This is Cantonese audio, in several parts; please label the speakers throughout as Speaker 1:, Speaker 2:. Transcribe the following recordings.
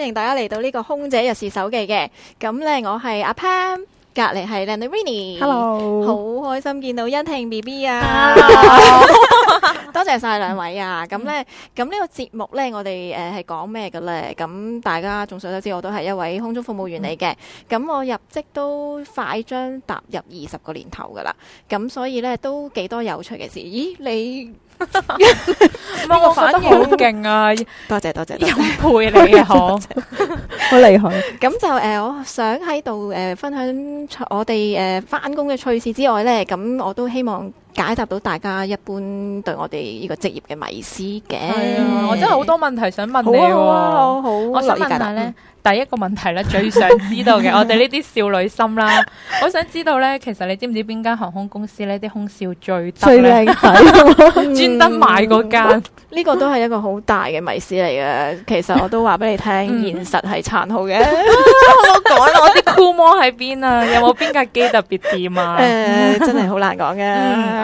Speaker 1: 歡迎大家嚟到呢個空姐逸事手記嘅，咁咧我係阿潘，隔籬係靚女 Vinny，Hello，好開心見到欣婷 B B 啊，多謝晒兩位啊，咁咧咁呢個節目咧我哋誒係講咩嘅咧？咁大家眾所周知，我都係一位空中服務員嚟嘅，咁我入職都快將踏入二十個年頭噶啦，咁所以咧都幾多有趣嘅事。咦，你？
Speaker 2: 呢個反應好勁啊 多！多謝多謝，有配你好，好 謝 厲害。
Speaker 1: 咁 就誒、呃，我想喺度誒分享我哋誒返工嘅趣事之外咧，咁我都希望解答到大家一般對我哋呢個職業嘅迷思
Speaker 2: 嘅。啊嗯、我真係好多問題想問你、啊好啊。好啊，好啊，好啊我好。我想問下咧、嗯。第一個問題咧，最想知道嘅，我哋呢啲少女心啦，我想知道咧，其實你知唔知邊間航空公司呢啲空少最靚？係專登買嗰間。
Speaker 1: 呢個都係一個好大嘅迷思嚟嘅。其實我都話俾你聽，現實係殘酷嘅。
Speaker 2: 我講咯，我啲 cool 魔喺邊啊？有冇邊架機特別掂啊？誒，真係好難講嘅。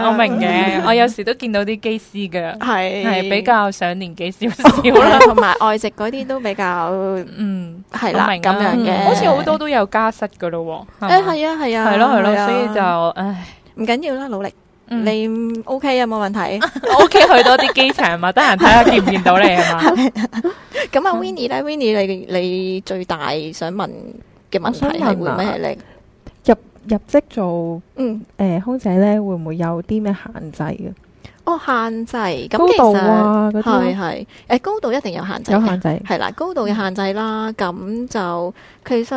Speaker 2: 我明嘅，我有時都見到啲機師嘅，係係比較上年紀少少啦，同埋外籍嗰啲都比較嗯。係啦，咁樣嘅，好似好多都有加室噶咯。誒，係啊，係啊，係咯，係咯，所以就
Speaker 1: 唉，唔緊要啦，努力你 O K 啊，冇問題。O
Speaker 2: K，去多啲機場嘛，得閒睇下見唔見到你啊嘛。
Speaker 1: 咁阿 Winnie 咧，Winnie，你你最大想問幾乜問題？會咩咧？
Speaker 2: 入入職做嗯誒空姐咧，會唔會有啲咩限制嘅？
Speaker 1: 哦，限制咁、嗯啊、其實係係，誒那個、呃、高度一定有限制嘅，係啦，高度嘅限制啦。咁、嗯嗯、就其實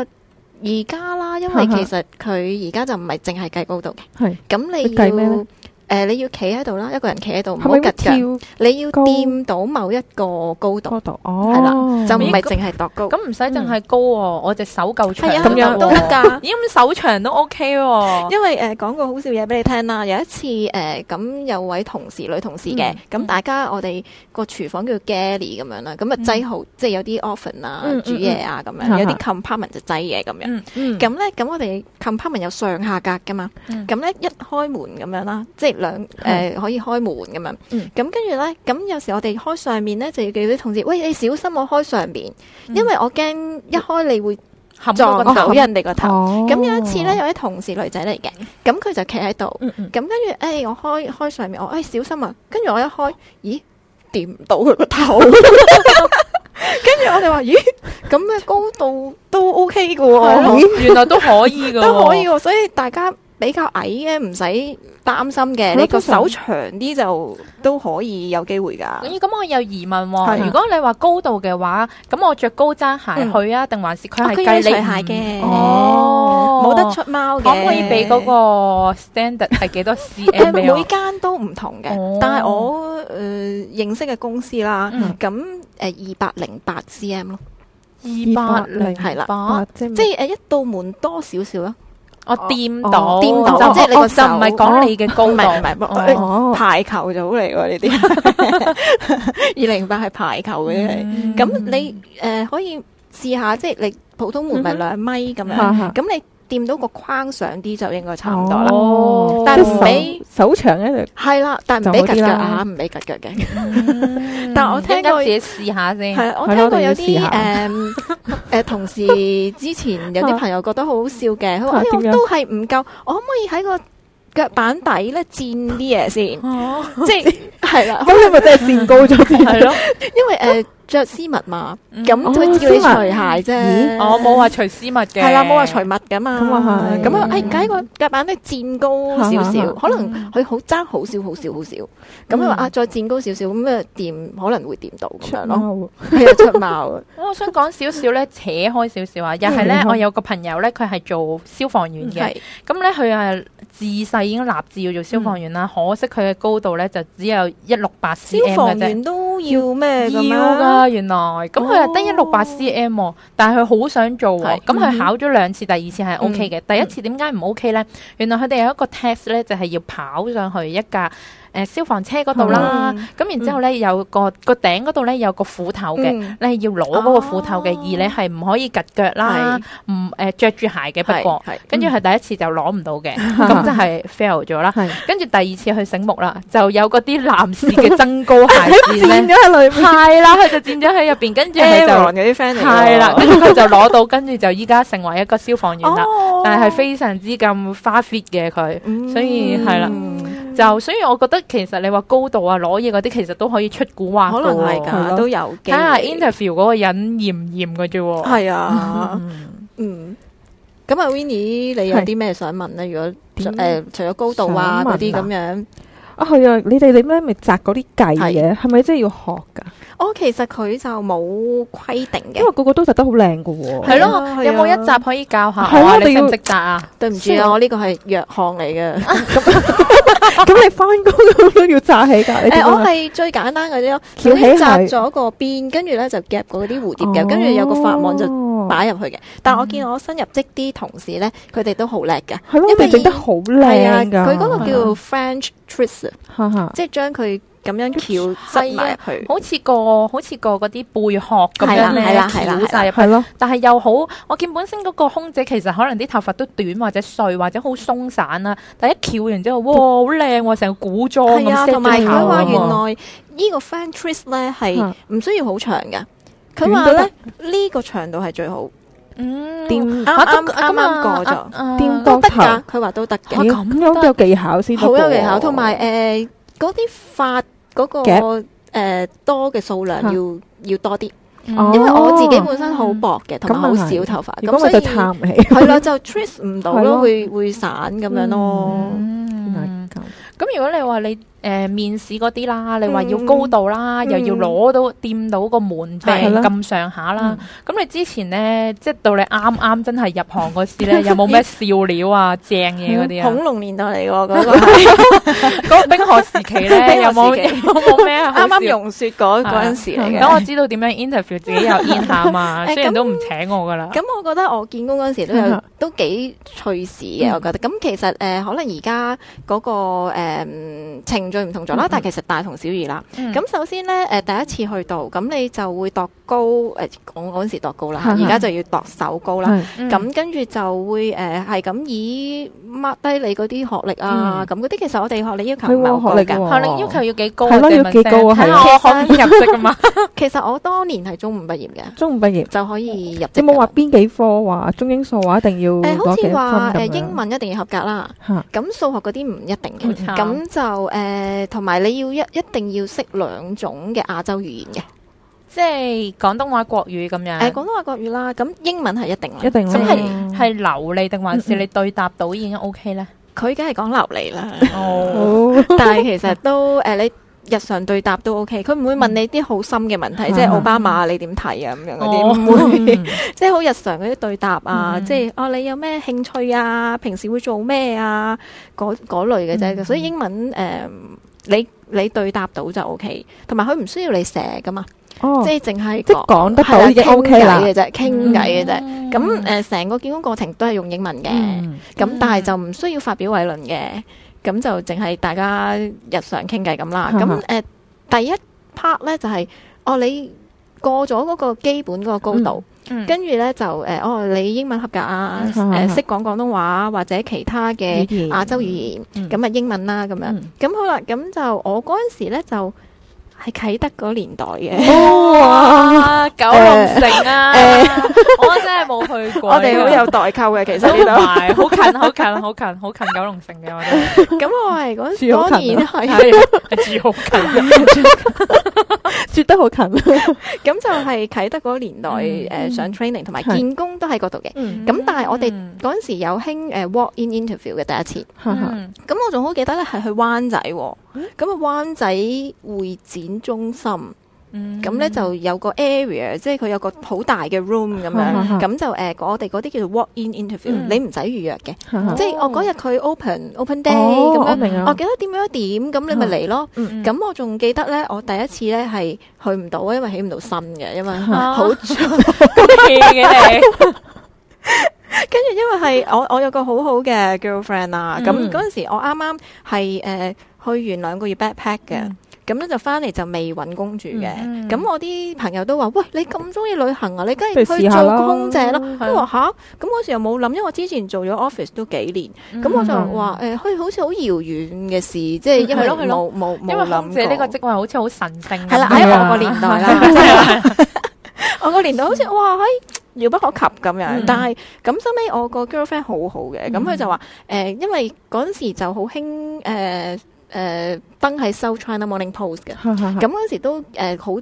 Speaker 1: 而家啦，因為其實佢而家就唔係淨係計高度嘅，係咁的你計咩？誒你要企喺度啦，一個人企喺度，唔好急跳。你要掂
Speaker 2: 到某一個高度，高度哦，係啦，就唔係淨係度高。咁唔使淨係高喎，我隻手夠長咁樣。都
Speaker 1: 得㗎，咦？咁手長都 OK 喎。因為誒講個好笑嘢俾你聽啦。有一次誒咁有位同事女同事嘅，咁大家我哋個廚房叫 galley 咁樣啦，咁啊擠好即係有啲 oven 啊煮嘢啊咁樣，有啲 compartment 就擠嘢咁樣。咁咧咁我哋 compartment 有上下格㗎嘛。咁咧一開門咁樣啦，即係。兩誒兩、 呃、可以開門咁樣，咁跟住咧，咁有時我哋開上面咧，就要叫啲同事，喂，你小心我開上面，因為我驚一開你會撞個頭人哋個頭。咁噢有一次咧，有啲同事女仔嚟嘅，咁佢就企喺度，咁跟住誒我開開上面，我誒、哎、小心啊！跟住我一開，咦，掂唔到佢個頭， 跟住我哋話，咦咁嘅高度都 O K 嘅喎， 了原來都可以嘅， 都可以喎，所以大家。比較矮嘅唔
Speaker 2: 使擔心嘅，你個手長啲就都可以有機會噶。咦，咁我有疑問喎，如果你話高度嘅話，咁我着高踭鞋去啊，定還是佢係計你鞋嘅？哦，冇得出貓嘅，可唔可以俾嗰個 standard 係幾多 cm？每間都唔同嘅，但係我誒
Speaker 1: 認識嘅公司啦，咁誒二百零八 cm 咯，二百零八係啦，即係誒一道門多少少啦。我掂到，掂到，即係你手，就唔係講你嘅高度，唔係，排球組嚟喎呢啲，二零八係排球嘅，咁你誒可以試下，即係你普通門咪兩米咁樣，咁你。掂到個框上啲就應該差唔多啦，但係唔俾手長咧就係啦，但係唔俾夾腳眼，唔俾夾腳嘅。
Speaker 2: 但係我聽過自己試下先，係我聽過有啲誒
Speaker 1: 誒同事之前有啲朋友覺得好好笑嘅，佢話點樣都係唔夠，我可唔可以喺個腳板底咧墊啲嘢先？哦，即係係啦，可唔可以真係墊高咗係咯，因為誒。着絲襪嘛，咁佢叫你除鞋啫。我冇
Speaker 2: 話除絲襪嘅，係啦，冇話除襪
Speaker 1: 嘅嘛。咁啊係，咁啊，誒，而家個夾板咧，墊高少少，可能佢好爭好少，好少，好少。咁佢話啊，再墊高少少，咁咧掂，
Speaker 2: 可能會掂到。出貓，出貓。我想講少少咧，扯開少少啊，又係咧，我有個朋友咧，佢係做消防員嘅。咁咧，佢係自細已經立志要做消防員啦。可惜佢嘅高度咧，就只有一六八 cm 消防員都要咩咁樣？啊，原來咁佢又得一六八 cm，哦、但係佢好想做喎。咁佢是考咗兩次，嗯、第二次係 OK 嘅，嗯、第一次點解唔 OK 呢？嗯、原來佢哋有一個 test 咧，就係、是、要跑上去一架。誒，消防車嗰度啦，咁然之後咧有個個頂嗰度咧有個斧頭嘅，你係要攞嗰個斧頭嘅，而你係唔可以夾腳啦，唔誒着住鞋嘅。不過，跟住係第一次就攞唔到嘅，咁就係 fail 咗啦。跟住第二次佢醒目啦，就有嗰啲男士嘅增高鞋墊咧，係啦，佢就墊咗喺入邊，跟住就啲 friend 嚟，係啦，跟住佢就攞到，跟住就依家成為一個消防員啦，但係係非常之咁花 fit 嘅佢，所以係啦。就所以，我覺得其實你話高度啊、攞嘢嗰啲，其實都可以出古話，可能係噶，嗯、都有。嘅，睇下 interview 嗰個人嚴唔嚴嘅啫喎。係啊，
Speaker 1: 嗯。咁啊 Winnie 你有啲咩想問咧？是如果誒除咗、呃、高度啊嗰啲咁樣，
Speaker 2: 啊係啊，你哋點解咪摘嗰啲計嘢，係咪真係要學。
Speaker 1: 我其實佢就冇規定嘅，因為
Speaker 2: 個個都紮得好靚噶喎。係咯，
Speaker 1: 有冇一集可以教下啊？你識唔識紮啊？對唔住啊，我呢個係弱項嚟嘅。咁你翻工都要紮起噶？誒，我係最簡單嗰啲咯，起紮咗個辮，跟住咧就夾嗰啲蝴蝶夾，跟住有個髮網就擺入去嘅。但係我見我新入職啲同事咧，佢哋都好叻嘅，
Speaker 2: 因為整得好靚噶。佢嗰個叫 French twist，即係將佢。咁樣翹西埋去，好似個好似個嗰啲貝殼咁樣咧，翹晒入去。但係又好，我見本身嗰個空姐其實可能啲頭髮都短或者碎或者好鬆散啦，但一翹完之後，哇，好靚！成個古裝咁，同埋佢話原來呢個髮髻
Speaker 1: 咧係唔需要好長嘅，
Speaker 2: 佢話咧呢個長度係最好，
Speaker 1: 嗯，啱啱啱過咗，墊得頭，佢話都得嘅。咁樣有技巧先得，好有技巧，同埋誒。嗰啲髮嗰個誒多嘅數量要要多啲，因為我自己本身好薄嘅，同埋好少頭髮，咁所以撐唔起，係啦，就 trace 唔到咯，會會散咁樣咯。
Speaker 2: 咁如果你話你誒面試嗰啲啦，你話要高度啦，又要攞到掂到個門檻咁上下啦，咁你之前咧，即係到你啱啱真係入行嗰時咧，有冇咩笑料啊、正嘢嗰啲啊？恐龍年代嚟㗎喎，嗰個嗰個冰河時期咧，有冇有冇咩啱啱融雪嗰嗰陣時嚟嘅？等我知道點樣 interview 自己又 in 下嘛，雖然都唔請我㗎啦。咁我
Speaker 1: 覺得我見工嗰陣時都有都幾趣事嘅，我覺得。咁其實誒，可能而家嗰個誒。誒程序唔同咗啦，但係其實大同小異啦。咁首先咧，誒第一次去到，咁你就會度高誒，我嗰陣時度高啦，而家就要度手高啦。咁跟住就會誒係咁以抹低你嗰啲學歷啊，咁嗰啲其實我哋學歷要求唔同㗎喎。學歷要求要幾高啊？係咯，要幾高啊？係學歷入職㗎嘛？其實我當年係中五畢業嘅，中五畢業就可以入
Speaker 2: 職。冇話邊幾科話中英數話一定要誒，好似話誒英
Speaker 1: 文一定要合格啦。咁數學嗰啲唔一定嘅。咁就誒，同、呃、埋你要一一定要識兩種嘅亞洲
Speaker 2: 語言嘅，即係廣東話國語咁樣。誒，廣東話，國語，、呃、廣東話國語啦，咁英文係一定啦，一定啦。係是、嗯嗯、流利定還是嗯嗯你對答到已經 OK 咧？佢梗係講流利啦。哦， 但係其實
Speaker 1: 都誒、呃、你日常對答都 OK，佢唔會問你啲好深嘅問題，即係奧巴馬你點睇啊咁樣啲，唔會即係好日常嗰啲對答啊，即係啊你有咩興趣啊，平時會做咩啊，嗰類嘅啫。所以英文誒，你你對答到就 OK，同埋佢唔需要你寫㗎嘛，即係淨係
Speaker 2: 即講得到嘅 O K 啦嘅啫，傾偈嘅
Speaker 1: 啫。咁誒，成個見工過程都係用英文嘅，咁但係就唔需要發表偉論嘅。咁就淨係大家日常傾偈咁啦。咁誒、 uh, 第一 part 咧就係、是、哦，你過咗嗰個基本個高度，跟住咧就誒哦，uh, 你英文合格啊，誒識講廣東話或者其他嘅亞洲語言，咁啊、 嗯、英文啦咁樣。咁 好啦，咁就我嗰陣時咧就。係啟德嗰年代嘅，
Speaker 2: 哇！九龍城啊，我真係冇去過。我哋好有代
Speaker 1: 溝嘅，其實呢度係好近，
Speaker 2: 好近，好近，好近九龍城嘅。我
Speaker 1: 哋，咁我係嗰陣時好近，係住好近，住得好近。咁就係啟德嗰年代，誒上 training 同埋見工都喺嗰度嘅。咁但係我哋嗰陣時有興誒 walk in interview 嘅第一次。咁我仲好記得咧，係去灣仔。咁啊，灣仔會展中心，咁咧就有個 area，即係佢有個好大嘅 room 咁樣，咁就誒，我哋嗰啲叫做 walk-in interview，你唔使預約嘅，即係我嗰日佢 open open day 咁樣明，我記得點樣點，咁你咪嚟咯。咁我仲記得咧，我第一次咧係去唔到，因為起唔到身嘅，因為好重嘅。跟住因為係我我有個好好嘅 girlfriend 啊，咁嗰陣時我啱啱係誒。去完兩個月 backpack 嘅，咁咧就翻嚟就未揾工住嘅。咁我啲朋友都話：，喂，你咁中意旅行啊，你梗係去做空姐咯？都話吓，咁嗰時又冇諗，因為我之前做咗 office 都幾年，咁我就話：，誒，去好似好遙遠嘅事，即係冇冇冇諗。空姐呢個職位好似好神聖，係啦，喺我個年代啦，我個年代好似哇，可遙不可及咁樣。但係咁收尾，我個 girlfriend 好好嘅，咁佢就話：，誒，因為嗰陣時就好興誒。誒登係《South、uh, China Morning Post》嘅，咁嗰時都誒、呃、好，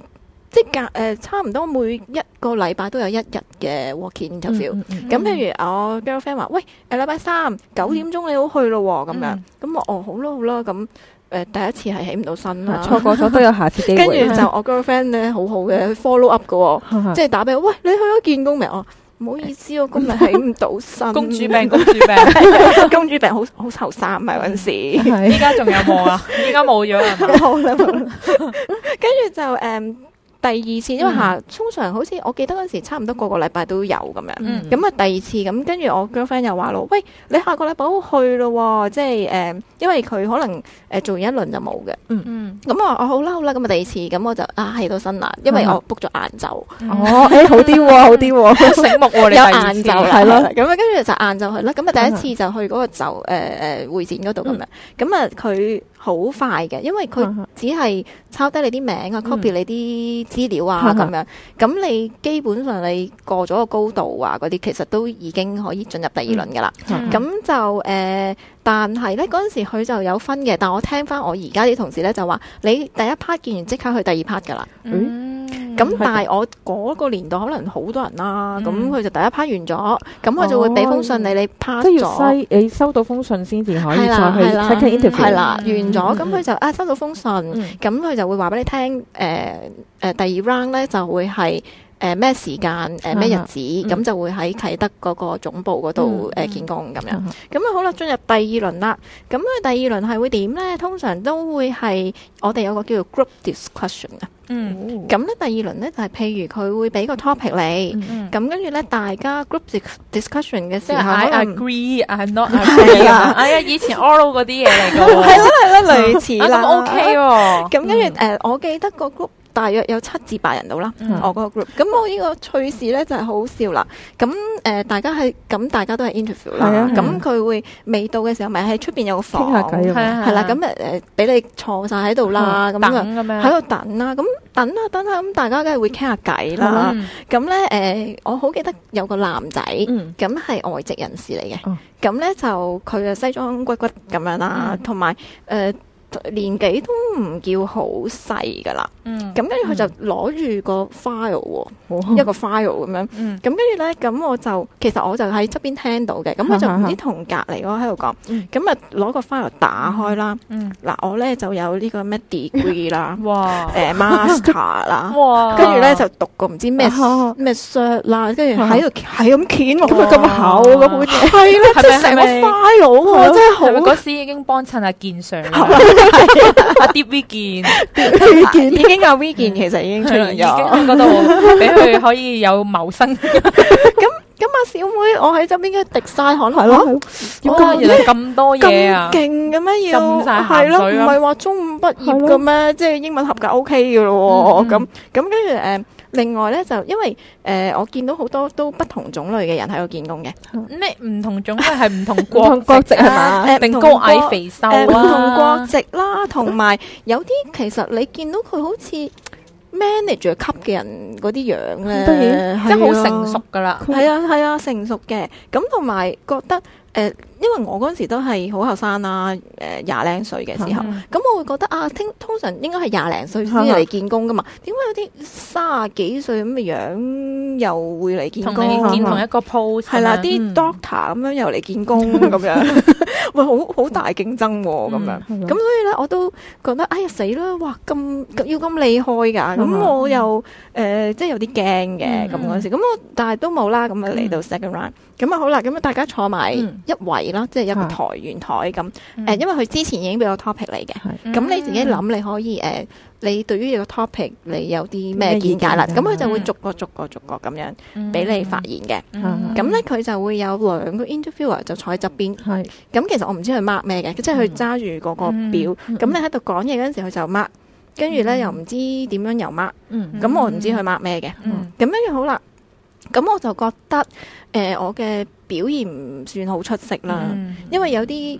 Speaker 1: 即係隔誒差唔多每一個禮拜都有一日嘅 walk-in interview，咁、嗯、譬如我 girlfriend 話：，喂，誒禮拜三九點鐘你好去咯、哦，咁、嗯、樣，咁、嗯嗯、我哦好啦好啦，咁誒、呃、第一次係起唔到身啦，錯過咗都有下次機會。 跟住就我 girlfriend 咧好好嘅 follow up 嘅喎、哦， 即係打俾我，喂，你去咗見工未？我、哦。唔好意思、啊，我今日起唔到身。 公主病，公主病， 公主病，好好愁衫啊。嗰陣時。依家仲有冇
Speaker 2: 啊？依家冇咗
Speaker 1: 啦，好啦。跟住就誒。第二次，因為下通常好似我記得嗰陣時，差唔多個個禮拜都有咁樣。咁啊第二次咁，跟住我 girlfriend 又話咯，喂，你下個禮拜好去咯，即係誒，因為佢可能誒做完一輪就冇嘅。
Speaker 2: 嗯
Speaker 1: 嗯。咁啊，我好嬲啦！咁啊第二次，咁我就啊喺到新南，因為我 book 咗晏晝。哦，誒好啲喎，好啲喎，醒目喎，你有晏晝。係咯。咁啊，跟住就晏晝去啦。咁啊，第一次就去嗰個酒誒誒會展嗰度咁樣。咁啊，佢。好快嘅，因為佢只係抄低你啲名啊、嗯、copy 你啲資料啊咁、嗯、樣。咁、嗯、你基本上你過咗個高度啊，嗰啲其實都已經可以進入第二輪噶啦。咁、嗯、就誒、呃，但係咧嗰陣時佢就有分嘅。但我聽翻我而家啲同事咧就話，你第一 part 見完即刻去第二 part 噶啦。嗯嗯。咁、嗯、但係我嗰個年代可能好多人啦、啊，咁佢、嗯、就第一 part 完咗，
Speaker 2: 咁佢、嗯、就會俾封信你，哦、你 pass 咗。即係篩你收到封信先至可以再去 take 係啦，完咗，咁佢
Speaker 1: 就啊收到封信，咁佢、嗯、就會話俾你聽，誒、呃、誒、呃呃、第二 round 咧就會係。誒咩時間誒咩日子咁就會喺啟德嗰個總部嗰度誒見工咁樣咁啊好啦進入第二輪啦咁啊第二輪係會點咧通常都會係我哋有個叫做 group discussion 啊嗯咁咧第二輪咧就係譬如佢會俾個 topic 你咁跟住咧大家 group discussion 嘅時候，I agree
Speaker 2: I not agree 啊哎呀以前 oral 嗰啲嘢嚟噶係啦係啦類似啦 OK 喎
Speaker 1: 咁跟住誒我記得個 group。大約有七至八人到啦，我嗰個 group。咁我呢個趣事咧就係好笑啦。咁誒，大家係咁，大家都係 interview 啦。咁佢會未到嘅時候，咪喺出邊有個房，傾下偈。係啦。咁誒誒，俾你坐晒喺度啦，咁樣，喺度等啦，咁等啊等啊，咁大家梗係會傾下偈啦。咁咧誒，我好記得有個男仔，咁係外籍人士嚟嘅。咁咧就佢嘅西裝骨骨咁樣啦，同埋誒。年紀都唔叫好細㗎喇，咁跟住佢就攞住個 file，一個 file 咁樣，咁跟住咧，咁我就其實我就喺側邊聽到嘅，咁佢就唔知同隔籬嗰個喺度講，咁啊攞個 file 打開啦，嗱我咧就有呢個咩 degree 誒 master 啦，
Speaker 2: 跟住咧就
Speaker 1: 讀個唔知咩咩 shut 啦，跟住喺度係咁傾，咁咁厚，咁嘅嘢，係咯，即係成個 file 佢真係好，嗰時
Speaker 2: 已經幫襯阿建上。阿 Deep V 健，Deep V 健已經有 V 健，其實已經出嚟咗，嗰度俾佢可以有謀生。
Speaker 1: 咁咁，阿小妹，我喺周邊嘅滴晒汗，係咯，原來咁咁多嘢啊，勁咁樣要？係咯，唔係話中五畢業咁咩？即係英文合格 OK 嘅咯，咁咁跟住誒。另外咧，就因為誒、呃，我見到好多都不同種類嘅人喺度見
Speaker 2: 工嘅，咩唔、嗯、同種類係唔同國籍 同國籍係嘛，定 高矮肥瘦、啊，唔、呃、同國籍
Speaker 1: 啦，同埋有啲、呃、其實你見到佢好似 manager 級嘅人嗰啲樣咧，即係好成熟噶啦，係啊係他啊，啊成熟嘅，咁同埋覺得誒。呃因為我嗰陣時都係好後生啦，誒廿零歲嘅時候，咁我會覺得啊，聽通常應該係廿零歲先嚟見工噶嘛，點解有啲卅幾歲咁嘅樣又會嚟見工啊？同你見同一個 post，係啦，啲 doctor 咁樣又嚟見工咁樣，喂，好好大競爭喎，咁樣，咁所以咧我都覺得哎呀死啦，哇咁要咁厲害㗎，咁我又誒即係有啲驚嘅咁嗰陣時，咁我但係都冇啦，咁啊嚟到 second round，咁啊好啦，咁啊大家坐埋一圍。咯，即係一個台圓台咁，誒，因為佢之前已經俾個 topic 嚟嘅，咁你自己諗你可以，誒，你對於個 topic 你有啲咩見解啦？咁佢就會逐個逐個逐個咁樣俾你發言嘅，咁咧佢就會有兩個 interviewer 就坐喺側邊，係，咁其實我唔知佢 mark 咩嘅，即係佢揸住嗰個表，咁你喺度講嘢嗰陣時佢就 mark，跟住咧又唔知點樣又 mark，
Speaker 2: 咁我唔知佢 mark 咩嘅，
Speaker 1: 咁咧好啦。咁我就覺得，誒、呃，我嘅表現唔算好出色啦，嗯、因為有啲，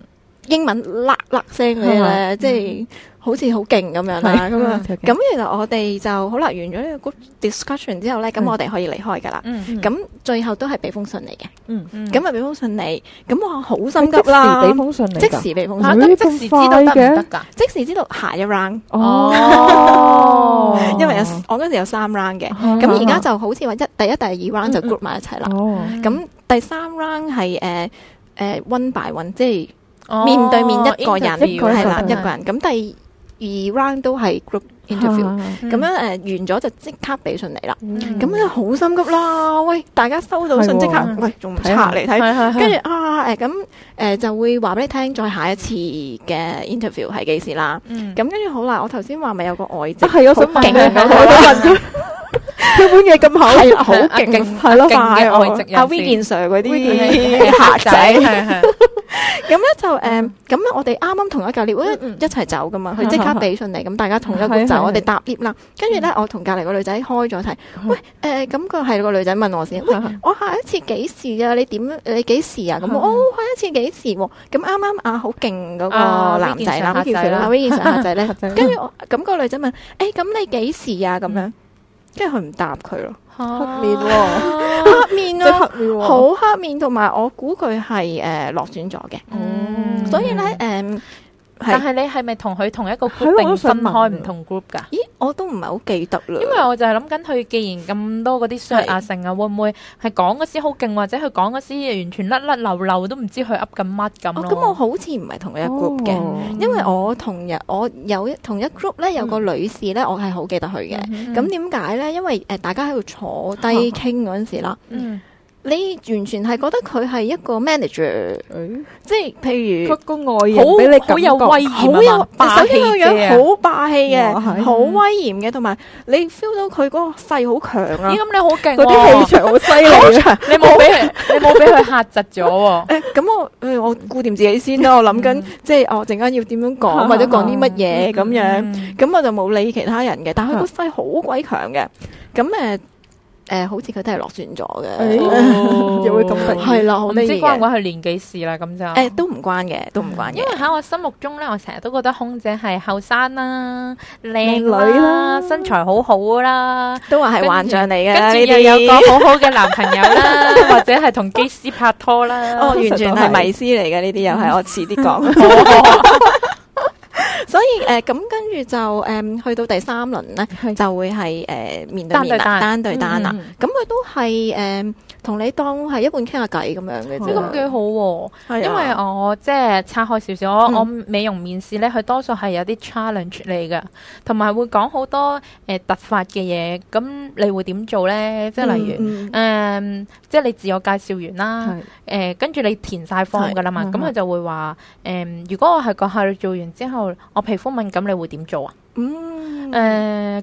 Speaker 1: 英文甩甩聲嘅咧，即係好似好勁咁樣啦，咁啊，咁其實我哋就好啦。完咗呢個 group discussion 之後咧，咁我哋可以離開噶啦。咁最後都係俾封信你嘅。嗯嗯，咁啊俾封信你，咁我好心急啦，俾封信你，即時俾封信。咁即時知道得唔得㗎？即時知道下一 round。哦，因為我嗰陣有三 round 嘅，咁而家就好似話一第一第二 round 就 group 埋一齊啦。哦，咁第三 round 係誒誒 one by one 即係。面對面，一個人，一個人咁，一個人咁。第二 round 都係 group interview，咁樣，誒完咗就即刻俾信你啦。咁咧好心急啦，喂，大家收到信即刻，喂，仲唔拆嚟睇，跟住啊，誒，咁誒就會話俾你聽，再下一次嘅 interview 係幾時啦。咁跟住好啦，我頭先話咪有個外籍，係我想問下，我問
Speaker 2: 咗，呢本嘢咁好，好勁，係咯，勁嘅外籍人
Speaker 1: 士，啊，Vince 嗰啲客仔，係係。咁咧就誒，咁咧我哋啱啱同一架 lift 一齊走噶嘛，佢即刻俾上嚟，咁大家同一個走，我哋搭 lift 啦。跟住咧，我同隔籬個女仔開咗題，喂誒，咁個係個女仔問我先，我下一次幾時啊？你點？你幾時啊？咁哦，下一次幾時？咁啱啱啊，好勁嗰個男仔啊，阿威意常仔咧，跟住我，咁個女仔問，誒，咁你幾時啊？咁樣。即係佢唔答佢咯，哈黑面喎， 黑面啊了， 黑面好黑面，同埋我估佢係誒落選咗嘅，嗯、所以
Speaker 2: 咧誒。嗯是但係你係咪同佢同一個 group 分的開唔同 group 噶？咦，我都唔係好記得啦。因為我就係諗緊佢，既然咁多嗰啲雙壓性啊成，的會唔會係講嗰時好勁，或者佢講嗰時完全甩甩漏漏都唔知佢噏緊乜咁？咁我好似唔係同一個 group 嘅，
Speaker 1: 哦、因為我同日我有一同一 group 咧有個女士咧，嗯、我係好記得佢嘅。咁點解咧？因為誒、呃，大家喺度坐低傾嗰陣時啦。嗯嗯你完全係覺得佢係一個 manager，即係譬如個外人俾你好有威好有，首先個樣好霸氣嘅，好威嚴嘅，同埋你 feel 到佢嗰個勢好強啊！咁你好勁，嗰啲氣場
Speaker 2: 好犀利，你冇俾你冇俾佢吓窒咗。
Speaker 1: 咁我誒我顧掂自己先啦，我諗緊即係我陣間要點樣講或者講啲乜嘢咁樣，咁我就冇理其他人嘅。但係佢個勢好鬼強嘅，咁誒。誒，好似佢都係落選咗嘅，又會咁係啦，唔知關唔關佢
Speaker 2: 年紀事啦咁就誒，都唔關嘅，都唔關嘅，因為喺我心目中咧，我成日都覺得空姐係後生啦、靚女啦、身材好好啦，都話係幻象嚟嘅，跟住又有個好好嘅男朋友啦，或者係同機師拍拖啦，哦，完全係迷思嚟嘅呢啲，又係我遲啲講。
Speaker 1: 所以誒咁跟住就誒、嗯、去到第三輪咧， 就會係誒、呃、面對面啦，單對單啦。咁佢、嗯嗯、都係誒同你當係一般傾下偈咁樣嘅，即係咁幾
Speaker 2: 好喎。因為我即係拆開少少，嗯、我美容面試咧，佢多數係有啲 challenge 嚟嘅，同埋會講好多誒、呃、突發嘅嘢。咁你會點做咧？即係例如誒、嗯嗯嗯，即係你自我介紹完啦，誒跟住你填晒 form 㗎啦嘛。咁佢就會話誒，如果我係個客你做完之後。我皮膚敏感你會點做啊？嗯，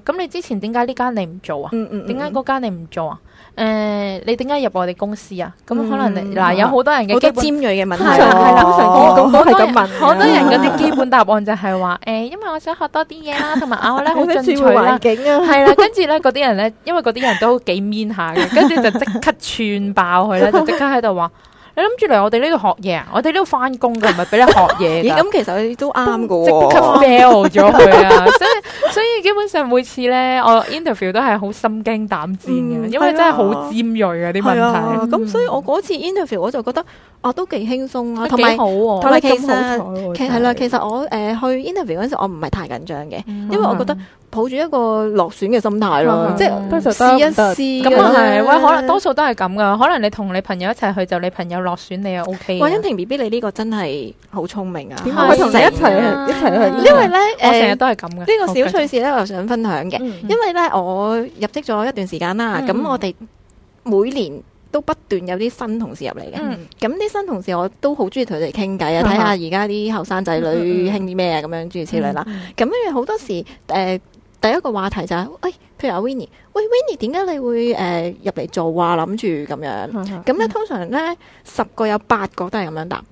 Speaker 2: 誒，咁你之前點解呢間你唔做啊？嗯嗯，點解嗰間你唔做啊？誒，你點解入我哋公司啊？咁可能嗱有好多人嘅尖銳嘅問題係啦，係我我係咁問，好多人嗰啲基本答案就係話，誒，因為我想學多啲嘢啦，同埋啊，我咧好進取，係啦，跟住咧嗰啲人咧，因為嗰啲人都幾 mean 下嘅，跟住就即刻串爆佢咧，就即刻喺度話。你諗住嚟我哋呢度學嘢啊？我哋呢度翻工噶，唔係俾你學嘢。咦？咁其實你都啱噶，即刻 fail 咗佢啊！所以所以基本上每次咧，我 interview 都係好心驚膽戰嘅，因為真係好尖銳啊啲問題。咁所以我嗰次
Speaker 1: interview 我就覺得啊，都幾輕鬆啊，同埋同埋其實係啦，其實我誒去 interview 嗰陣時，我唔係太緊張嘅，因為我覺得。抱住一個落選嘅心態咯，即係試一試。咁啊係，可能多
Speaker 2: 數都係咁㗎。可能你同你朋友一齊去，就你朋友落選，你又 OK。王欣婷 BB，你呢個真係好聰明啊！點解佢同你一齊去？一齊去？因為咧，誒，我成日都係咁嘅。呢個小趣事咧，我想分享嘅。因為咧，我
Speaker 1: 入職咗一段時間啦，咁我哋每年都不斷有啲新同事入嚟嘅。咁啲新同事我都好中意同佢哋傾偈啊，睇下而家啲後生仔女興啲咩啊，咁樣諸如此類啦。咁因為好多時誒。第一個話題就係、是，誒、哎，譬如阿 Winnie，喂，Winnie 點解你會誒入嚟做啊？諗住咁樣，咁咧通常咧十 個有八個都係咁樣答。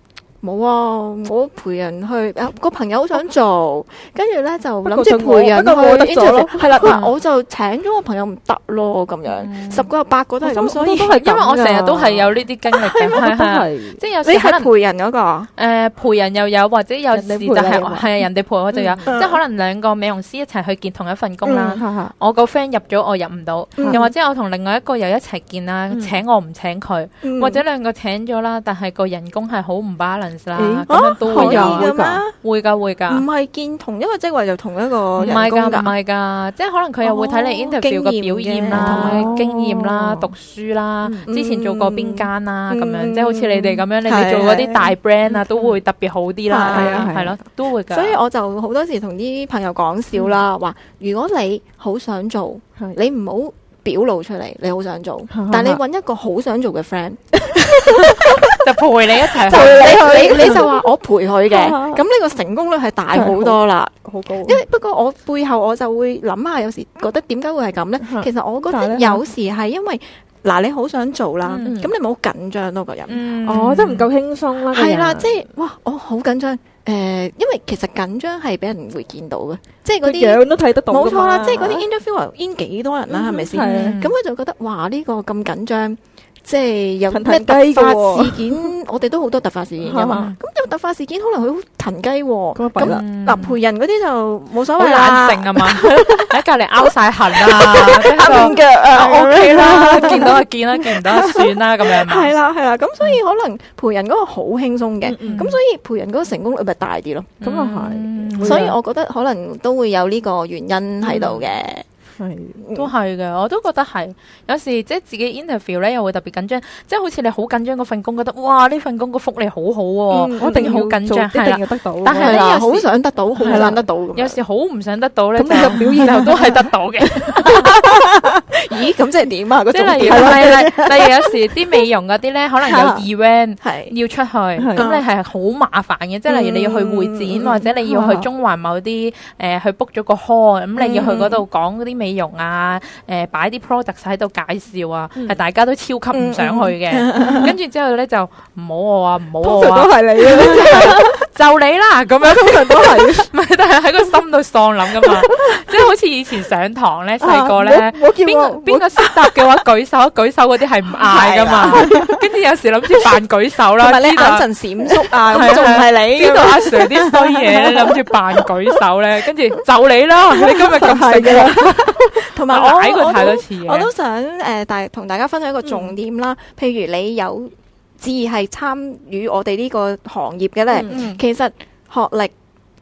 Speaker 1: 冇啊！我陪人去啊，個朋友好想做，跟住咧就諗住陪人去。不過我得係啦，我就請咗個
Speaker 2: 朋友唔得咯，咁樣十個八個都係咁，所以都係因為我成日都係有呢啲經歷嘅，即係有時可能陪人嗰個，誒陪人又有，或者有時就係係人哋陪我就有，即係可能兩個美容師一齊去見同一份工啦。我個 friend 入咗，我入唔到，又或者我同另外一個又一齊見啦，請我唔請佢，或者兩個請咗啦，但係個人工係好唔 balance 啦，咁樣都會有噶，會噶會噶。唔係見同一個職位就同一個，唔係噶唔係噶。即係可能佢又會睇你 interview 嘅表現啦，同埋經驗啦、讀書啦、之前做過邊間啦，咁樣即係好似你哋咁樣，你哋做嗰啲大 brand 啊，都會特別好啲啦，係啊係咯，都會噶。所
Speaker 1: 以我就好多時同啲朋友講笑啦，話如果你好想做，你唔好表露出嚟你好想做，但係你搵一個好想做嘅 friend。
Speaker 2: 就陪你一齊，你你你就話我
Speaker 1: 陪佢嘅，咁呢個成功率係大好多啦，好高。因為不過我背後我就會諗下，有時覺得點解會係咁咧？其實我覺得有時係因為嗱，你好想做啦，咁你咪好緊張嗰個人，我真唔夠輕鬆啦。係啦，即係哇，我好緊張。誒，因為其實緊張係俾人會見到嘅，即係嗰啲樣都睇得到。冇錯啦，即係嗰啲 interviewer in 幾多人啦，係咪先？咁佢就覺得哇，呢個咁緊張。即係有咩突發事件，我哋都好多突發事件㗎嘛。咁有突發事件，可能佢騰雞。咁嗱，弊啦。陪人嗰啲就冇所謂啦。爛性啊嘛，喺隔離拗晒痕啊，擦腳啊。O K 啦，見到就見啦，見唔到算啦，咁樣。係啦，係啦。咁所以可能陪人嗰個好輕鬆嘅，咁所以陪人嗰個成功率咪大啲咯。咁啊係，所以我覺得可能都會有呢個原因喺
Speaker 2: 度嘅。係，都係嘅，我都覺得係。有時即係自己 interview 咧，又會特別緊張，即係好似你好緊張嗰份工，覺得哇呢份工個福利好好、啊、喎，我、嗯、一定好緊張，一定得到。了但係呢，想了好想得到，好了想得到，有時好唔想得到咧，咁但係表現又都係得到嘅。咦，咁即係點啊？嗰種係啦，係啦，例如有時啲美容嗰啲咧，可能有 event，係要出去，咁你係好麻煩嘅。即係例如你要去會展，或者你要去中環某啲誒，去 book 咗個 hall，咁你要去嗰度講嗰啲美容啊，誒，擺啲 product 喺度介紹啊，係大家都超級唔想去嘅。跟住之後咧就唔好我啊，唔好我啊，都係你啊。就你啦，咁樣通常都係，唔係？但係喺個心度喪諗噶嘛，即係好似以前上堂咧，細個咧，我見邊個邊個識答嘅話舉手，舉手嗰啲係唔嗌噶嘛。跟住有時諗住扮舉手啦，有陣閃縮啊，咁仲唔係你？邊度阿 Sir 啲衰嘢諗住扮舉手咧？跟住就你啦，你今日咁神，同埋我，睇過太多次，我都
Speaker 1: 想誒，同大家分享一個重點啦。譬如你有。至係參與我哋呢個行業嘅咧，嗯、其實學歷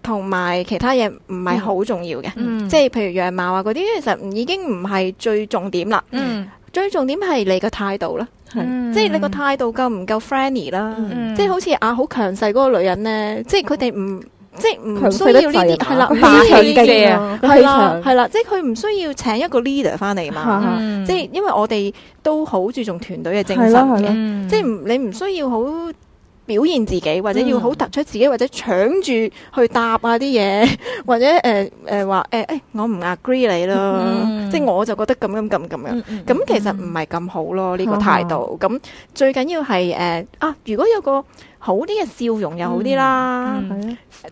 Speaker 1: 同埋其他嘢唔係好重要嘅，嗯、即係譬如樣貌啊嗰啲，其實已經唔係最重點啦。嗯、最重點係你個態度啦，嗯、是即係你個態度夠唔夠 friendly 啦、嗯，即係好似啊好強勢嗰個女人呢，嗯、即係佢哋唔。嗯即係唔需要呢啲係啦，呢係啦，係啦，即係佢唔需要請一個 leader 翻嚟嘛。嗯、即係因為我哋都好注重團隊嘅精神嘅，嗯、即係你唔需要好表現自己，或者要好突出自己，或者搶住去答啊啲嘢，或者誒誒話誒誒，我唔 agree 你咯。嗯、即係我就覺得咁咁咁咁樣，咁、嗯嗯、其實唔係咁好咯呢個態度。咁、嗯嗯、最緊要係誒、呃、啊，如果有個。好啲嘅笑容又好啲啦，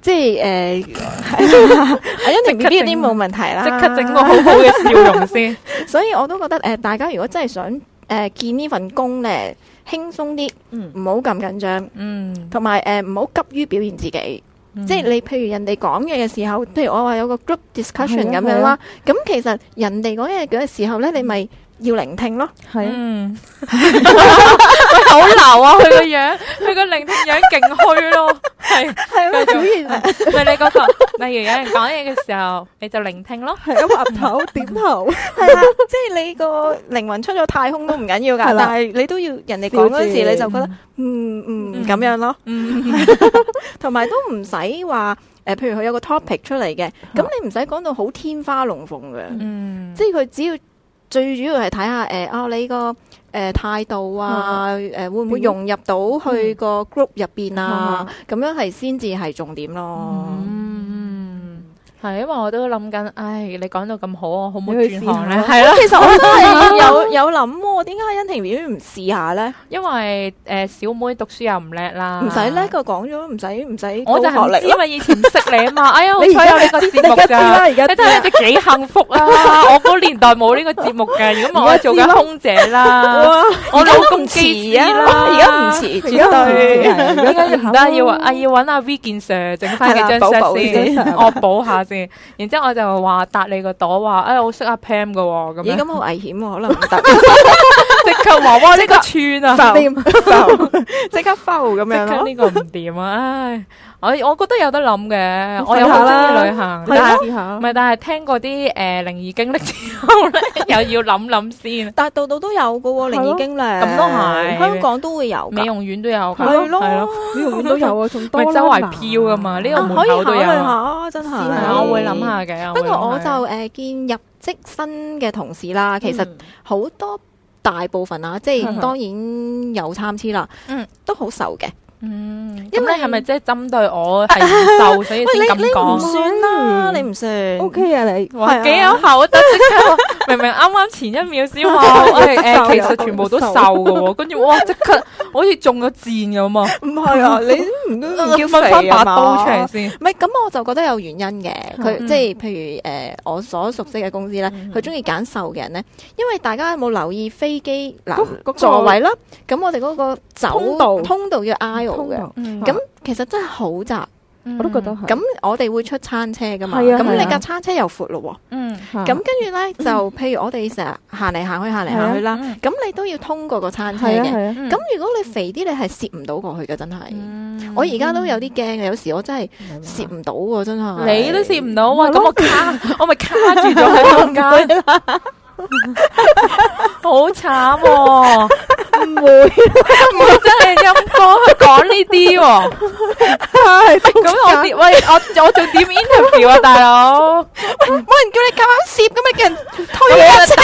Speaker 1: 即係誒，係因為呢啲冇問題啦，即刻整個好好嘅笑容先。所以我都覺得誒，大家如果真係想誒，見呢份工咧，輕鬆啲，唔好咁緊張，嗯，同埋誒，唔好急於表現自己。即係你譬如人哋講嘢嘅時候，譬如我話有個 group discussion 咁樣啦，咁其實人哋講嘢嘅時候咧，你咪。要聆聽咯，
Speaker 2: 係，嗯，佢好流啊！佢個樣，佢個聆聽樣勁虛咯，係係總言之。例如，你覺得例如有人講嘢嘅時候，你就聆聽咯，係咁岌頭點頭，係啊，
Speaker 1: 即係你個靈魂出咗太空都唔緊要噶，但係你都要人哋講嗰時，你就覺得嗯嗯咁樣咯，嗯，同埋都唔使話誒，譬如佢有個 topic 出嚟嘅，咁你唔使講到好天花龍鳳嘅，嗯，即係佢只要。最主要係睇下誒啊，你個誒態度啊，誒會唔會融入到去個 group 入邊啊？咁、嗯、樣係先至係重點咯。嗯
Speaker 2: 係，因為我都諗緊，唉，你講到咁好啊，好唔好轉行咧？係咯，其實我都係有有諗，點解欣婷點解唔試下咧？因為誒，小妹讀書又唔叻啦，唔使咧，佢講咗，唔使唔使。我就係知咪以前唔識你啊嘛，哎呀，好彩有呢個節目噶，真係啲幾幸福啊！我嗰年代冇呢個節目嘅，如果冇我做緊空姐啦，我老公遲啊，而家唔遲，
Speaker 1: 絕對唔得要啊！要
Speaker 2: 搵阿 V 建設整翻幾張相先，我補下。然之後我就話搭你個朵話，哎，我識阿 Pam 嘅喎，咁樣，咦、哎，咁好危險喎、哦， 可能唔得，即刻話哇，呢個串，啊，即 刻 foul 咁樣咯，呢個唔掂啊， 唉。我我覺得有得諗嘅，我有好中意旅行，但係唔係但係聽過啲誒靈異經歷之後咧，又要諗諗先。但係度度都有個靈異經歷，咁都係香港都會有，美容院都有，係咯，美容院都有啊，仲多咪周圍漂噶嘛？呢個門口都有，啊，可以考慮下，真係，我會諗下嘅。不過我就
Speaker 1: 誒見入職新嘅同事啦，其實好多大部分啊，即係當然有參差啦，嗯，
Speaker 2: 都好愁嘅。嗯，咁你係咪即係針對我係瘦，所以先咁講？你你唔算啦，你唔算。O K 啊，你係幾有效？突然之間，明明啱啱前一秒先話誒，其實全部都瘦嘅，跟住哇，即刻好似中咗箭咁啊！唔係啊，你唔要分翻把刀出嚟先。唔係，咁我就覺得
Speaker 1: 有原因嘅。佢即係譬如誒，我所熟悉嘅公司咧，佢中意揀瘦嘅人咧，因為大家有冇留意飛機嗱座位啦？咁我哋嗰個走道通道叫 I。咁其實真係好窄，
Speaker 2: 我都覺得。
Speaker 1: 咁我哋會出餐車噶嘛？咁你架餐車又闊咯，嗯。咁跟住咧，就譬如我哋成日行嚟行去，行嚟行去啦，咁你都要通過個餐車嘅。咁如果你肥啲，你係攝唔到過去嘅，真係。我而家都有啲驚嘅，有時我真係攝唔到喎，真係。你都
Speaker 2: 攝唔到哇？咁我卡，我咪卡住咗喺中間，好慘，唔會，唔會真係陰。我去講呢啲喎，咁我點喂我我仲點 interview 啊，大佬，冇人叫你夾硬攝，咁咪叫人推架車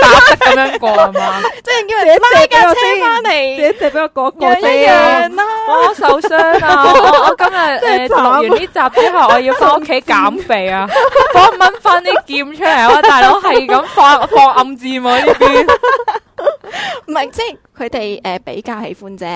Speaker 2: 翻嚟咁樣過係嘛？即
Speaker 1: 係叫人拉架車翻嚟，你借俾我過過先，
Speaker 2: 我受傷啊！我我今日誒錄完呢集之後，我要翻屋企減肥啊！我搵翻啲劍出嚟啊，大佬係咁放放暗箭喎呢啲，唔
Speaker 1: 係即係佢哋誒比較喜歡啫。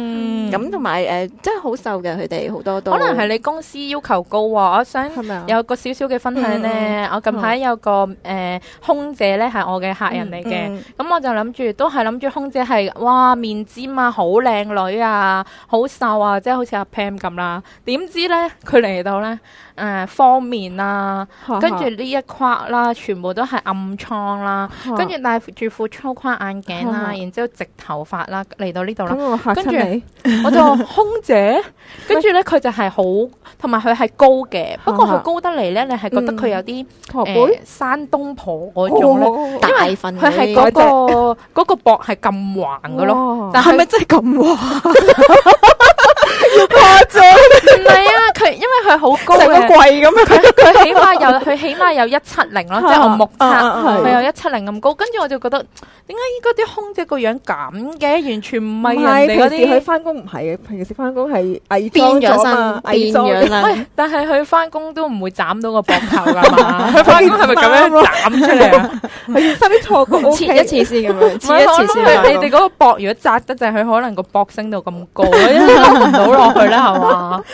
Speaker 2: 嗯，咁同埋誒，即係好瘦嘅佢哋好多都，可能係你公司要求高啊！我想有個少少嘅分享咧，我近排有個誒、呃、空姐咧係我嘅客人嚟嘅，咁、嗯嗯、我就諗住都係諗住空姐係哇面尖啊，好靚女啊，好瘦啊，即係好似阿 Pam 咁啦，點知咧，佢嚟到咧。誒方面啦，跟住呢一框啦，全部都係暗瘡啦，跟住戴住副粗框眼鏡啦，然之後直頭髮啦，嚟到呢度啦，跟住我就空姐，跟住咧佢就係好，同埋佢係高嘅，不過佢高得嚟咧，你係覺得佢有啲誒山東婆嗰種咧，因為佢係嗰個嗰個膊係咁橫嘅咯，但係咪真係咁橫？要怕咗。因為佢好高，成個櫃咁啊！佢佢起碼有，佢起碼有一七零咯，即係我目測，佢有一七零咁高。跟住我就覺得，點解依家啲空姐個樣咁嘅？完全唔係人哋！平時佢
Speaker 1: 翻工唔係啊，平時翻工係偽裝咗嘛，偽裝啦。
Speaker 2: 但係佢翻工都唔會斬到個膊頭噶嘛。佢翻工係咪咁樣斬出嚟？啊係要先坐過切一次先咁樣，切一次先。你哋嗰個膊如果扎得就，佢可能個膊升到咁高咯，升唔到落去啦，係嘛？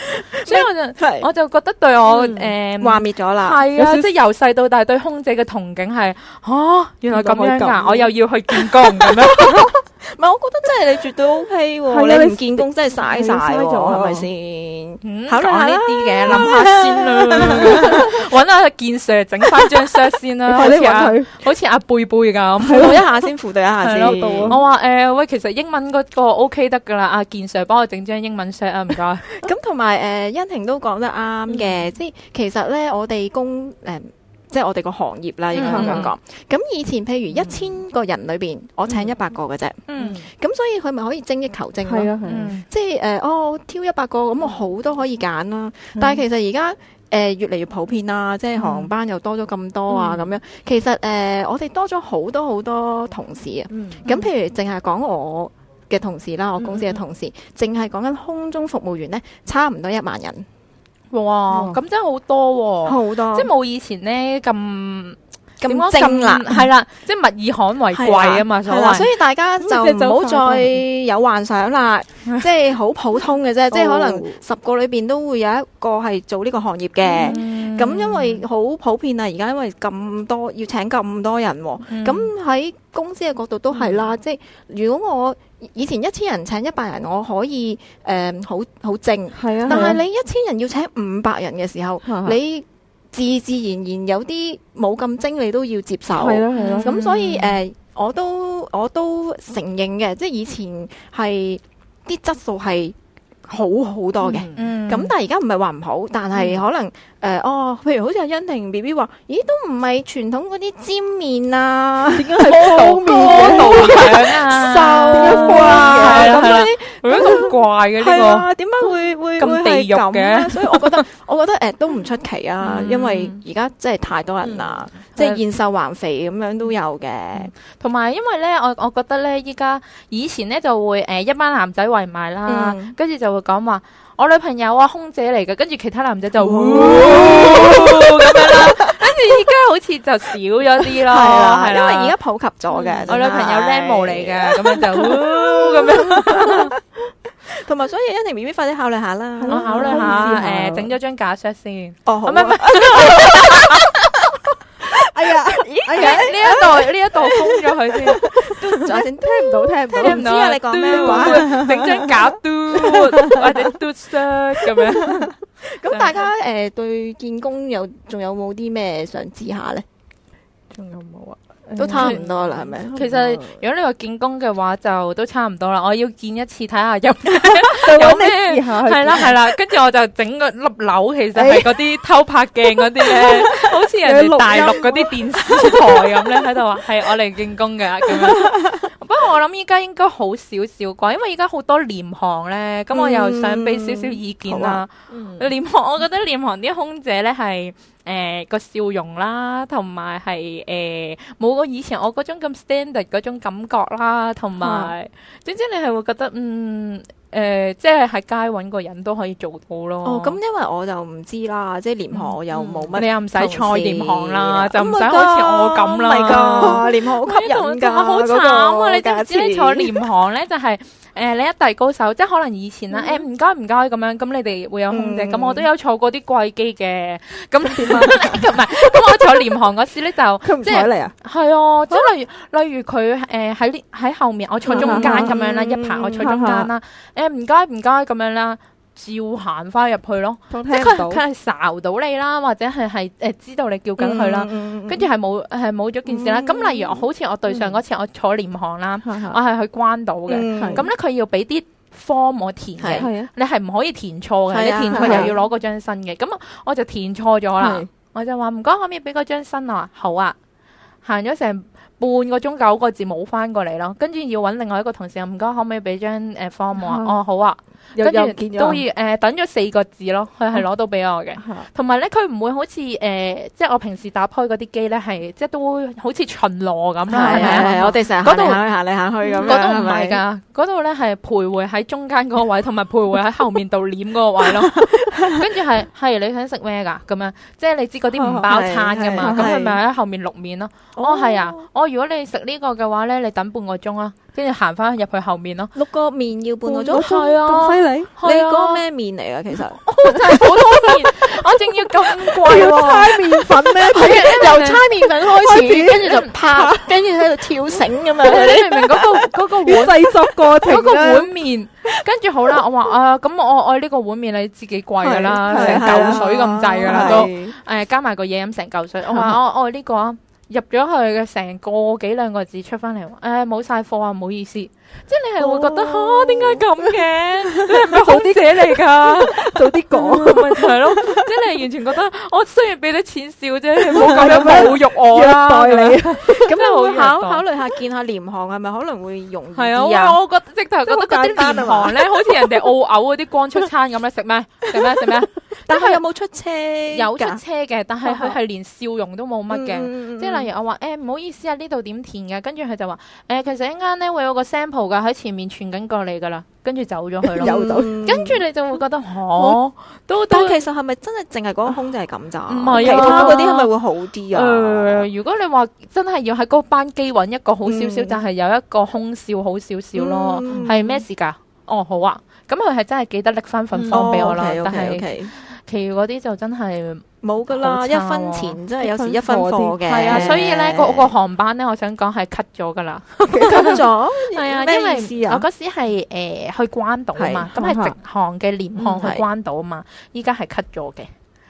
Speaker 2: 所以我就。我就覺得對我誒幻滅咗啦，係啊，即係由細到大對空姐嘅憧憬係，吓、啊、原來咁樣啊，樣啊我又要去見工啦。
Speaker 1: 唔係，我覺得真係你絕對 O K 喎，你唔
Speaker 2: 見工真係嘥晒喎，係咪先？考慮下呢啲嘅，諗下先啦，搵下阿健 Sir 整翻張 shot 先啦。好似阿好似阿貝貝咁，我一下先扶對一下先。我話誒，喂，其實英文嗰個 O K 得噶啦，阿健 Sir 幫我整張英文 shot 啊，唔該。咁同埋誒，欣婷都講得啱嘅，即係
Speaker 1: 其實咧，我哋公……誒。即係我哋個行業啦，應該咁講。咁、嗯、以前譬如一千個人裏邊，我請一百個嘅啫。嗯。咁所以佢咪可以精益求精咯。嗯、即係誒，我、呃哦、挑一百個，咁、嗯、我好多可以揀啦、啊。但係其實而家誒越嚟越普遍啊，即係航班又多咗咁多啊，咁、嗯、樣。其實誒、呃，我哋多咗好多好多同事啊。咁譬如淨係講我嘅同事啦，我公司嘅同事，淨係講緊空中服務員呢，差唔多一萬人。哇！咁、
Speaker 2: 哦、真好多，啊、多，好多，即係冇以前咧咁咁精啦，係啦，即係物以罕為貴啊嘛，啦所以大家就唔好那你 再有幻想啦，
Speaker 1: 即係好普通嘅啫。哦、即係可能十個裏邊都會有一個係做呢個行業嘅。嗯咁因為好普遍啊，而家因為咁多要請咁多人喎，咁喺公司嘅角度都係啦，即係如果我以前一千人請一百人，我可以誒好好正，係啊，但係你一千人要請五百人嘅時候，你自自然然有啲冇咁精，你都要接受，係咯係咯。咁所以誒，我都我都承認嘅，即係以前係啲質素係。好好多嘅，嗯，咁但係而家唔係話唔好，但係可能誒，哦、嗯呃，譬如好似阿欣婷 B B 話，咦，都唔係傳統啲尖面啊，點解
Speaker 2: 係粗面嘅頭像啊？ 怪嘅呢個，係點解會會會咁地獄嘅？所以
Speaker 1: 我覺得，我覺得誒都唔出
Speaker 2: 奇啊，因為而家真係太多人啦，即係燕瘦環肥咁樣都有嘅。同埋，因為咧，我我覺得咧，依家以前咧就會誒一班男仔圍埋啦，跟住就會講話我女朋友啊空姐嚟嘅，跟住其他男仔就咁樣啦。跟住依家好似就少咗啲咯，係啦，因為而家普及咗嘅，我女朋友 m 僆模嚟嘅，咁樣就咁樣。同埋，所以欣婷妹妹快啲考慮下啦。我考慮下，誒，整咗張假 shot 先。哦，唔係唔係。哎呀，呢一度呢一度封咗佢先。我先聽唔到，聽唔到。唔知啊，你講咩話？整張假 do，或者 d shot 咁樣。咁大家誒，對
Speaker 1: 見工有仲有冇啲咩想知下咧？仲有冇啊？都差唔多啦，係
Speaker 2: 咪？其實如果你話見工嘅話，就都差唔多啦。我要見一次睇下有咩。有咩係啦係啦，跟住我就整個粒紐其實係嗰啲偷拍鏡嗰啲咧，好似人哋大陸嗰啲電視台咁咧，喺度話係我嚟見工嘅，咁樣。不過我諗依家應該好少少啩，因為依家好多廉航咧，咁我又想俾少少意見啦。廉航，我覺得廉航啲空姐咧係。誒、呃，個笑容啦，同埋係誒，冇、呃、我以前我嗰種咁 standard 嗰種感覺啦，同埋、嗯、總之你係會覺得，嗯，誒、呃，即係喺街揾個人都可以做到咯。哦，咁因為我就唔知啦，即係廉航又冇乜，你又唔使坐廉航啦，嗯、就唔使好似我咁啦，oh、God, 廉航吸引噶， 好慘啊！你知唔知你坐廉航咧 就係、是？誒、呃，你一弟高手，即係可能以前啦。誒、嗯，唔該唔該咁樣，咁你哋會有控制。咁、嗯、我都有坐過啲貴機嘅。咁點、嗯、樣啊？唔係，咁我坐廉航嗰時咧就， 即唔睬啊。係哦、啊，即係例如例如佢誒喺呢喺後面，我坐中間咁樣啦， 一排我坐中間啦。誒， 唔該唔該咁樣啦。照行翻入去咯，即係佢佢係睄到你啦，或者係係誒知道你叫緊佢啦，跟住係冇係冇咗件事啦。咁例如好似我對上嗰次，我坐廉航啦，我係去關島嘅。咁咧佢要俾啲 form 我填嘅，你係唔可以填錯嘅，你填錯又要攞嗰張新嘅。咁我就填錯咗啦，我就話唔該可唔可以俾嗰張新啊？好啊，行咗成半個鐘九個字冇翻過嚟咯，跟住要揾另外一個同事啊，唔該可唔可以俾張誒 form 我啊？哦，好啊。跟住都要誒等咗四個字咯，佢係攞到俾我嘅。同埋咧，佢唔會好似誒，即係我平時打開嗰啲機咧，係即係都好似巡邏咁。係係係，我哋成日行嚟行去，行嚟行去咁樣。嗰度唔係㗎，嗰度咧係徘徊喺中間嗰個位，同埋徘徊喺後面度攣嗰個位咯。跟住係係你想食咩㗎？咁樣即係你知嗰啲唔包餐㗎嘛？咁佢咪喺後面熝麵咯。哦係啊，哦如果你食呢個嘅話咧，你等半個鐘啊。跟住行翻入去後面咯，六個麵要半個鐘，係啊，咁犀利。你個咩麵嚟噶？其實我真係好多麵，我正要咁貴，我要猜麵粉咩？係啊，由猜麵粉開始，跟住就拍，跟住喺度跳
Speaker 1: 繩咁樣。你明唔明嗰個個碗製作過程？嗰個碗
Speaker 2: 麵，跟住好啦，我話啊，咁我嗌呢個碗麵你自己貴噶啦，成嚿水咁滯噶啦都，誒，加埋個嘢飲成嚿水。我話我嗌呢個啊。入咗去嘅成個幾兩個字出翻嚟，誒冇晒貨啊，唔、哎、好意思，即係你係會覺得吓、哦啊、點解咁嘅？你係咪好啲嘢嚟㗎，早啲講係咯，即係你係完全覺得我雖然俾咗錢少啫，冇咁侮辱我啊，代理啊，咁 你對會 考考慮下見下
Speaker 1: 廉航係咪可能
Speaker 2: 會容易啲啊,啊？我覺得直頭覺得嗰啲廉航咧，好似人哋澳紐嗰啲光出餐咁咧食咩？食咩？食咩？食但佢有冇出車？有出車嘅，但係佢係連笑容都冇乜嘅。即係例如我話誒唔好意思啊，呢度點填嘅？跟住佢就話誒，其實一陣呢會有個 sample 㗎喺前面傳緊過嚟㗎啦，跟住走咗去咯。跟住你就會覺得嚇都。但其實係咪真係淨係嗰個空就係咁咋？唔係啊，其他嗰啲係咪會好啲啊？如果你話真係要喺嗰班機搵一個好少少，就係有一個空少好少少咯，係咩事㗎？哦，好啊，咁佢係真係記得拎翻份方俾我啦，但係。其餘嗰啲就真係冇噶啦，一分錢真係有時一分貨嘅。係啊，所以咧個個航班咧，我想講係 cut 咗噶啦，cut 咗。係 啊，因為我嗰時係誒、呃、去關島啊嘛，咁係嗎直航嘅廉航去關島啊嘛，依家係 cut 咗嘅。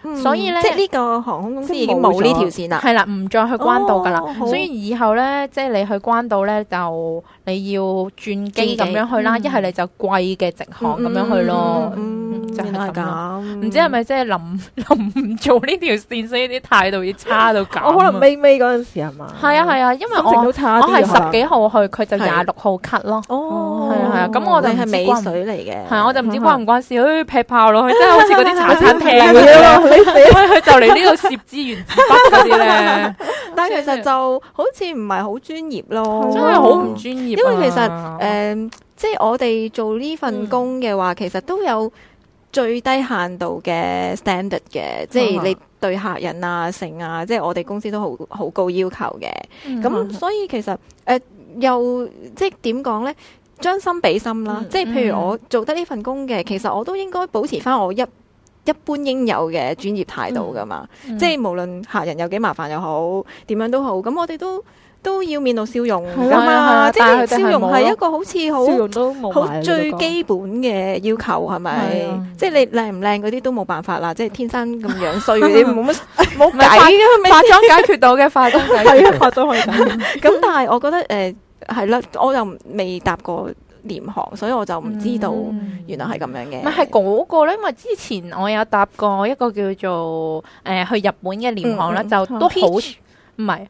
Speaker 2: 嗯、所以咧，即係呢
Speaker 1: 個航空公司已經冇呢條線啦。係啦、啊，唔
Speaker 2: 再去關島噶啦。哦、所以以後咧，即係你去關島咧，就你要轉機咁樣去啦。一係、嗯、你就貴嘅直航咁樣去咯。嗯嗯嗯嗯嗯係咁，唔知係咪即係林林唔做呢條線，所以啲態度要差到咁。我可能尾尾嗰陣時係嘛，係啊係啊，因為我我係十幾號去，佢就廿六號咳咯。哦，係啊，係啊，咁我哋係尾水嚟嘅，係啊，我就唔知關唔關事，去劈炮咯，真係好似嗰啲茶餐廳咁樣咯。佢就嚟呢度攝資源，
Speaker 1: 但係其實就好似唔係好專業咯，真係好唔專業。因為其實誒，即係我哋做呢份工嘅話，其實都有。最低限度嘅 standard 嘅，即係你對客人啊、性啊,即係我哋公司都好好高要求嘅。咁、mm hmm. 所以其實誒、呃、又即係點講咧？將心比心啦，mm hmm. 即係譬如我做得呢份工嘅，其實我都應該保持翻我一一般應有嘅專業態度噶嘛。Mm hmm. 即係無論客人有幾麻煩又好，點樣都好，咁我哋都。.都要面露笑容噶嘛，即係笑容係一個好似好好最基本嘅要求，係咪？即係你靚唔靚嗰啲都冇辦法啦，即係天生咁樣衰嗰啲冇乜冇底嘅化妝解決
Speaker 2: 到嘅化妝，係啊，化妝可以
Speaker 1: 咁。咁但係我覺得誒係啦，我又未搭過廉航，所以我就唔知道原來係咁樣嘅。唔係
Speaker 2: 嗰個咧，因為之前我有搭過一個叫做誒去日本嘅廉航咧，就都好唔係。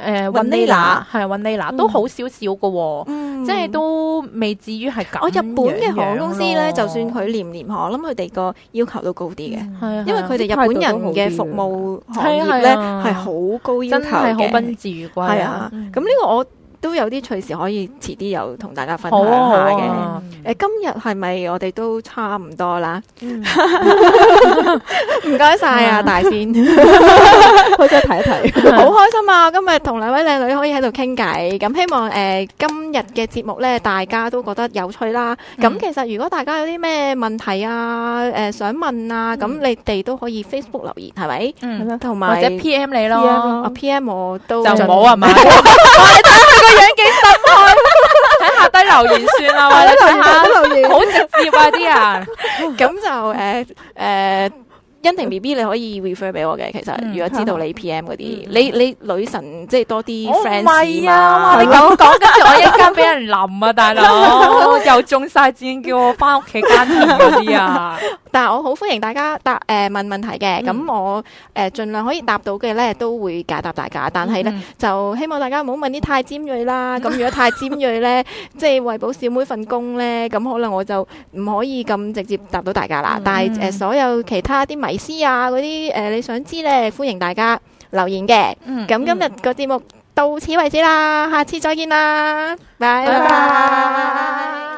Speaker 2: 誒，雲尼拉係雲尼拉，尼拉嗯、都好少少嘅喎，嗯、即係都未至於係咁、哦嗯。我日本嘅航空公司咧，
Speaker 1: 就算佢廉廉我諗咁佢哋個要求都高啲嘅，嗯、因為佢哋日本人嘅服務行業咧係好高要求嘅。係啊、嗯，咁呢個我。嗯都有啲趣事可以遲啲又同大家分享下嘅。誒今日係咪我哋都差唔多啦？唔該晒啊，大仙，開心睇一睇。好開心啊！今日同兩位靚女可以喺度傾偈，咁希望誒今日嘅節目咧，大家都覺得有趣啦。咁其實如果大家有啲咩問題啊，誒想問啊，咁你哋都可以 Facebook 留言，係咪？嗯，
Speaker 2: 同埋或者 PM 你咯。
Speaker 1: P.M. 我都就冇啊嘛。
Speaker 2: 樣幾十開，喺下低留言算啦，或者 下留言好直接啊，啲啊。
Speaker 1: 咁就誒誒、呃，欣婷 B B 你可以 refer 俾我嘅。其實如果知道你 P M 嗰啲，嗯、你你女神即係多啲 friend 啊，oh, not 你咁講，跟住我一家俾人
Speaker 2: 淋啊，大佬、 哦、又中晒箭，叫我翻屋企耕田嗰啲啊！
Speaker 1: 但係我好歡迎大家答誒、呃、問問題嘅，咁我誒盡、呃、量可以答到嘅咧，都會解答大家。但係咧，mm hmm. 就希望大家唔好問啲太尖銳啦。咁如果太尖銳咧， 即係為保小妹份工咧，咁可能我就唔可以咁直接答到大家啦。Mm hmm. 但係誒、呃，所有其他啲迷思啊，嗰啲誒你想知咧，歡迎大家留言嘅。咁、mm hmm. 今日個節目到此為止啦，下次再見啦，拜拜。